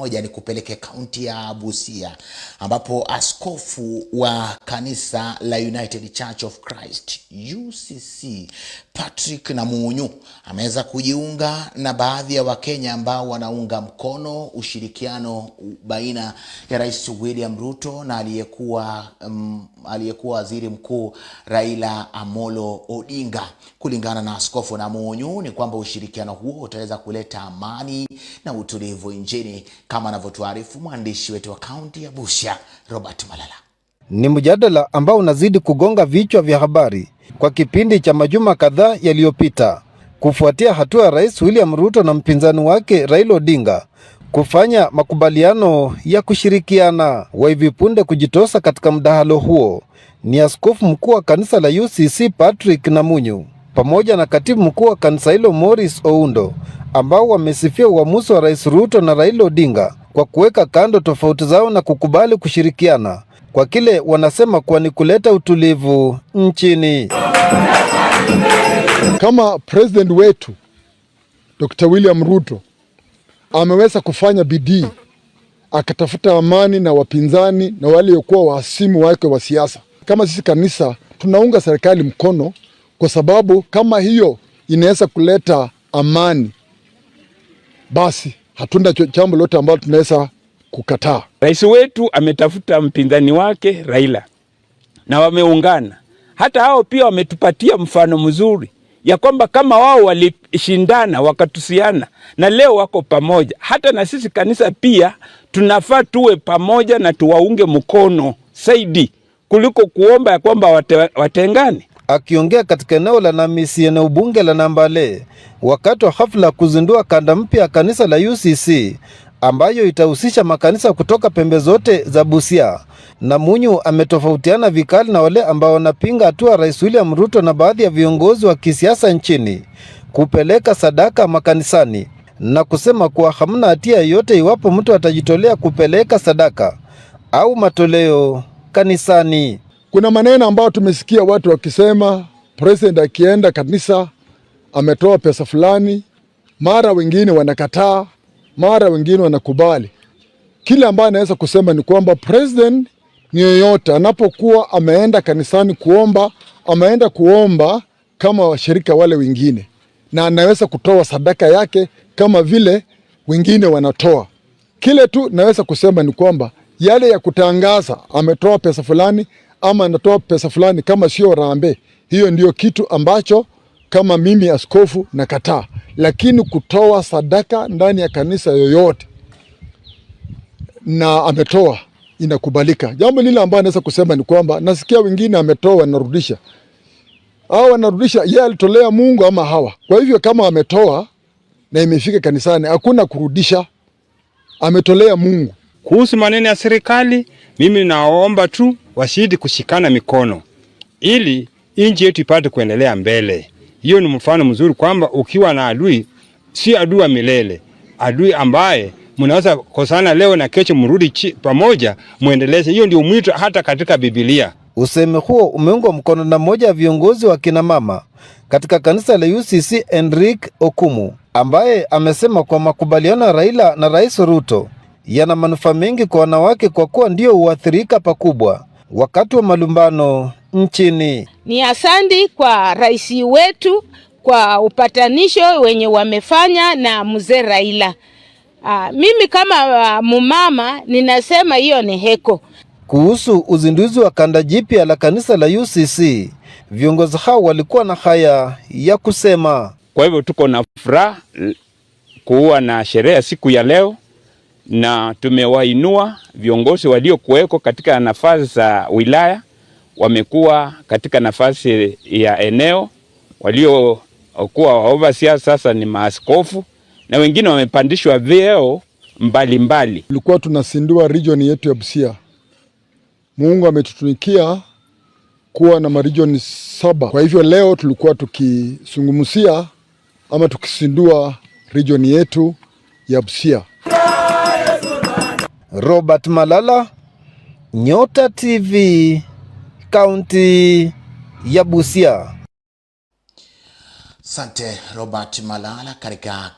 moja kupeleke kaunti ya Busia ambapo askofu wa kanisa la United Church of Christ UCC Patrick Namunyu ameweza kujiunga na baadhi ya Wakenya ambao wanaunga mkono ushirikiano baina ya Rais William Ruto na aliyekuwa um, aliyekuwa waziri mkuu Raila Amolo Odinga. Kulingana na askofu Namunyu ni kwamba ushirikiano huo utaweza kuleta amani na utulivu nchini kama anavyotuarifu mwandishi wetu wa kaunti ya Busia Robert Malala. Ni mjadala ambao unazidi kugonga vichwa vya habari kwa kipindi cha majuma kadhaa yaliyopita kufuatia hatua ya Rais William Ruto na mpinzani wake Raila Odinga kufanya makubaliano ya kushirikiana wa hivi punde kujitosa katika mdahalo huo ni askofu mkuu wa kanisa la UCC Patrick Namunyu pamoja na katibu mkuu wa kanisa hilo Morris Oundo ambao wamesifia uamuzi wa Rais Ruto na Raila Odinga kwa kuweka kando tofauti zao na kukubali kushirikiana kwa kile wanasema kuwa ni kuleta utulivu nchini. Kama president wetu Dr. William Ruto ameweza kufanya bidii akatafuta amani na wapinzani na waliokuwa wahasimu wake wa siasa, kama sisi kanisa tunaunga serikali mkono kwa sababu kama hiyo inaweza kuleta amani, basi hatuna jambo lote ambalo tunaweza kukataa. Rais wetu ametafuta mpinzani wake Raila na wameungana. Hata hao pia wametupatia mfano mzuri ya kwamba kama wao walishindana wakatusiana na leo wako pamoja, hata na sisi kanisa pia tunafaa tuwe pamoja na tuwaunge mkono zaidi kuliko kuomba ya kwamba wate, watengane. Akiongea katika eneo la Namisi, eneo bunge la Nambale, wakati wa hafla ya kuzindua kanda mpya ya kanisa la UCC ambayo itahusisha makanisa kutoka pembe zote za Busia. Namunyu ametofautiana vikali na wale ambao wanapinga hatua Rais William Ruto na baadhi ya viongozi wa kisiasa nchini kupeleka sadaka makanisani na kusema kuwa hamna hatia yoyote iwapo mtu atajitolea kupeleka sadaka au matoleo kanisani. Kuna maneno ambayo tumesikia watu wakisema president akienda kanisa ametoa pesa fulani, mara wengine wanakataa, mara wengine wanakubali. Kile ambayo anaweza kusema ni kwamba president ni yoyote anapokuwa ameenda kanisani kuomba, ameenda kuomba kama washirika wale wengine, na anaweza kutoa sadaka yake kama vile wengine wanatoa. Kile tu naweza kusema ni kwamba yale ya kutangaza ametoa pesa fulani ama natoa pesa fulani kama sio rambe. Hiyo ndio kitu ambacho kama mimi askofu nakataa, lakini kutoa sadaka ndani ya kanisa yoyote na ametoa inakubalika. Jambo lile ambayo anaweza kusema ni kwamba nasikia wengine ametoa anarudisha, au wanarudisha, yeye alitolea Mungu ama hawa. Kwa hivyo kama ametoa na imefika kanisani, hakuna kurudisha, ametolea Mungu. Kuhusu maneno ya serikali, mimi naomba tu wasidi kushikana mikono ili inji yetu ipate kuendelea mbele. Hiyo ni mfano mzuri kwamba ukiwa na adui, si adui wa milele, adui ambaye mnaweza kosana leo na kesho mrudi pamoja muendeleze. Hiyo ndio mwito hata katika Biblia. Usemi huo umeungwa mkono na mmoja wa viongozi wa kinamama katika kanisa la UCC Enrique Okumu, ambaye amesema kwa makubaliano ya Raila na Rais Ruto yana manufaa mengi kwa wanawake kwa kuwa ndio huathirika pakubwa wakati wa malumbano nchini. Ni asandi kwa rais wetu kwa upatanisho wenye wamefanya na mzee Raila. Aa, ah, mimi kama ah, mumama ninasema hiyo ni heko. Kuhusu uzinduzi wa kanda jipya la kanisa la UCC, viongozi hao walikuwa na haya ya kusema. Kwa hivyo tuko na furaha kuwa na sherehe siku ya leo na tumewainua viongozi waliokuweko katika nafasi za wilaya, wamekuwa katika nafasi ya eneo, waliokuwa waovasia sasa ni maaskofu na wengine wamepandishwa vyeo mbalimbali. Tulikuwa tunasindua region yetu ya Busia. Mungu ametutunikia kuwa na marijoni saba. Kwa hivyo leo tulikuwa tukisungumzia ama tukisindua region yetu ya Busia. Robert Malala, Nyota TV, kaunti ya Busia. Sante Robert Malala katika